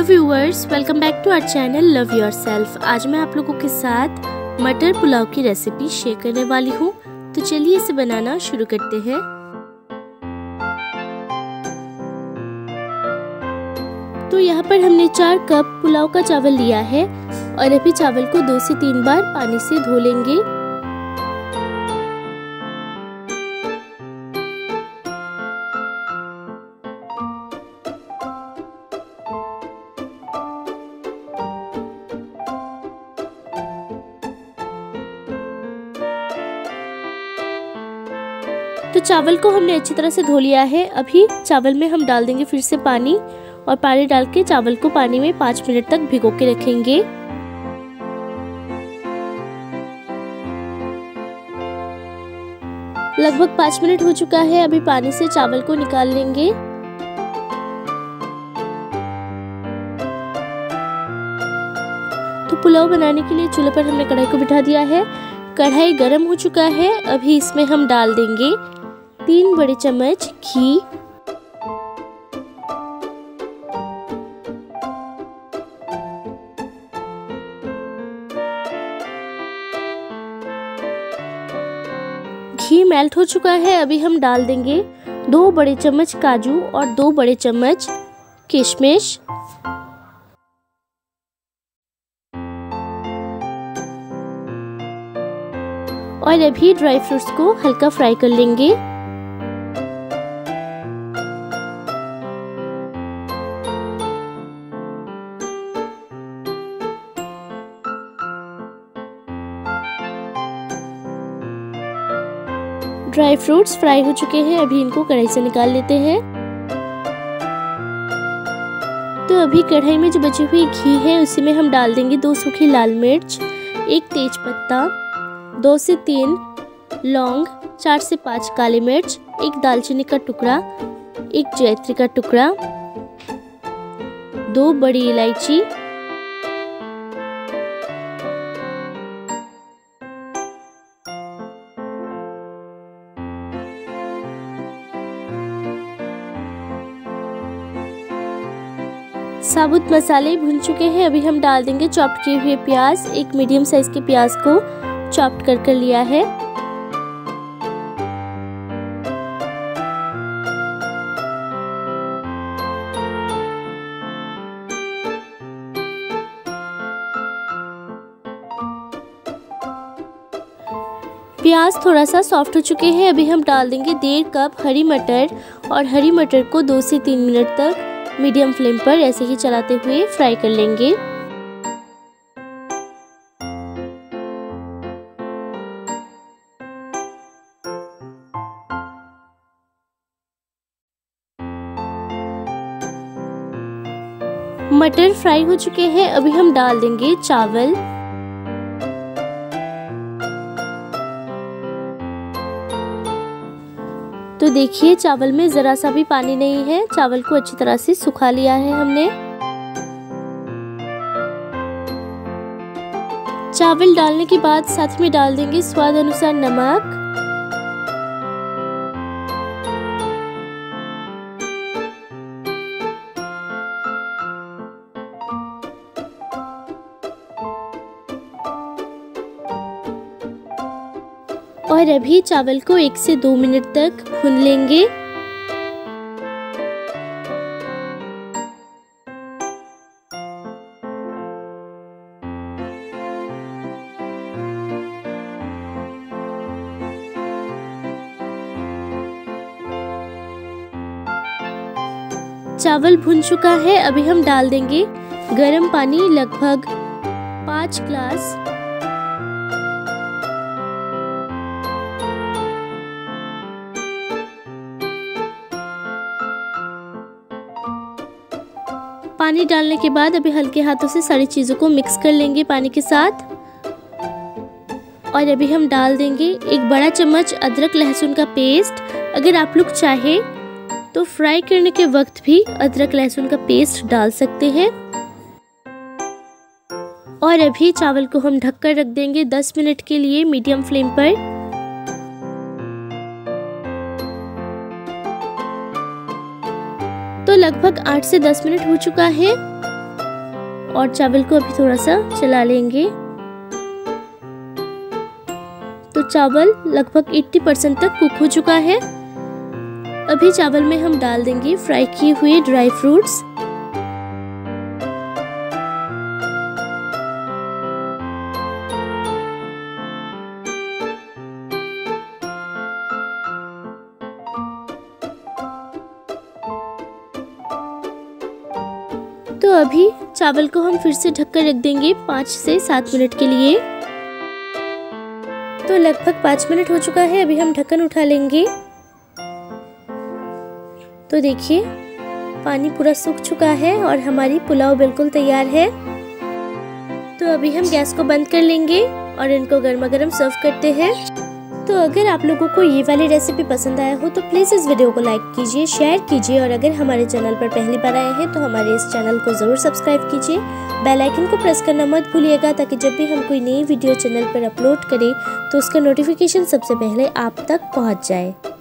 hello viewers welcome back to our channel love yourself आज मैं आप लोगों के साथ मटर पुलाव की रेसिपी शेयर करने वाली हूँ तो चलिए इसे बनाना शुरू करते हैं तो यहाँ पर हमने चार कप पुलाव का चावल लिया है और अभी चावल को दो से तीन बार पानी से धो लेंगे तो चावल को हमने अच्छी तरह से धो लिया है अभी चावल में हम डाल देंगे फिर से पानी और पानी डाल के चावल को पानी में पाँच मिनट तक भिगो के रखेंगे लगभग पाँच मिनट हो चुका है अभी पानी से चावल को निकाल लेंगे तो पुलाव बनाने के लिए चूल्हे पर हमने कढ़ाई को बिठा दिया है कढ़ाई गर्म हो चुका है अभी इसमें हम डाल देंगे तीन बड़े चम्मच घी घी मेल्ट हो चुका है अभी हम डाल देंगे दो बड़े चम्मच काजू और दो बड़े चम्मच किशमिश और अभी ड्राई फ्रूट्स को हल्का फ्राई कर लेंगे ड्राई फ्रूट्स फ्राई हो चुके हैं अभी इनको कढ़ाई से निकाल लेते हैं तो अभी कढ़ाई में जो बची हुई घी है उसी में हम डाल देंगे दो सूखी लाल मिर्च एक तेज पत्ता दो से तीन लौंग चार से पांच काली मिर्च एक दालचीनी का टुकड़ा एक जैत्री का टुकड़ा दो बड़ी इलायची साबुत मसाले भून चुके हैं अभी हम डाल देंगे चॉप किए हुए प्याज एक मीडियम साइज के प्याज को चॉप कर कर लिया है प्याज थोड़ा सा सॉफ्ट हो चुके हैं अभी हम डाल देंगे डेढ़ कप हरी मटर और हरी मटर को दो से तीन मिनट तक मीडियम फ्लेम पर ऐसे ही चलाते हुए फ्राई कर लेंगे मटर फ्राई हो चुके हैं अभी हम डाल देंगे चावल तो देखिए चावल में ज़रा सा भी पानी नहीं है चावल को अच्छी तरह से सुखा लिया है हमने चावल डालने के बाद साथ में डाल देंगे स्वाद अनुसार नमक और अभी चावल को एक से दो मिनट तक भून लेंगे चावल भुन चुका है अभी हम डाल देंगे गरम पानी लगभग पाँच ग्लास पानी डालने के बाद अभी हल्के हाथों से सारी चीज़ों को मिक्स कर लेंगे पानी के साथ और अभी हम डाल देंगे एक बड़ा चम्मच अदरक लहसुन का पेस्ट अगर आप लोग चाहें तो फ्राई करने के वक्त भी अदरक लहसुन का पेस्ट डाल सकते हैं और अभी चावल को हम ढककर रख देंगे 10 मिनट के लिए मीडियम फ्लेम पर लगभग आठ से दस मिनट हो चुका है और चावल को अभी थोड़ा सा चला लेंगे तो चावल लगभग 80 परसेंट तक कुक हो चुका है अभी चावल में हम डाल देंगे फ्राई किए हुए ड्राई फ्रूट्स तो अभी चावल को हम फिर से ढककर रख देंगे पाँच से सात मिनट के लिए तो लगभग पाँच मिनट हो चुका है अभी हम ढक्कन उठा लेंगे तो देखिए पानी पूरा सूख चुका है और हमारी पुलाव बिल्कुल तैयार है तो अभी हम गैस को बंद कर लेंगे और इनको गर्मा गर्म सर्व करते हैं तो अगर आप लोगों को ये वाली रेसिपी पसंद आया हो तो प्लीज़ इस वीडियो को लाइक कीजिए शेयर कीजिए और अगर हमारे चैनल पर पहली बार आए हैं तो हमारे इस चैनल को ज़रूर सब्सक्राइब कीजिए बेल आइकन को प्रेस करना मत भूलिएगा ताकि जब भी हम कोई नई वीडियो चैनल पर अपलोड करें तो उसका नोटिफिकेशन सबसे पहले आप तक पहुँच जाए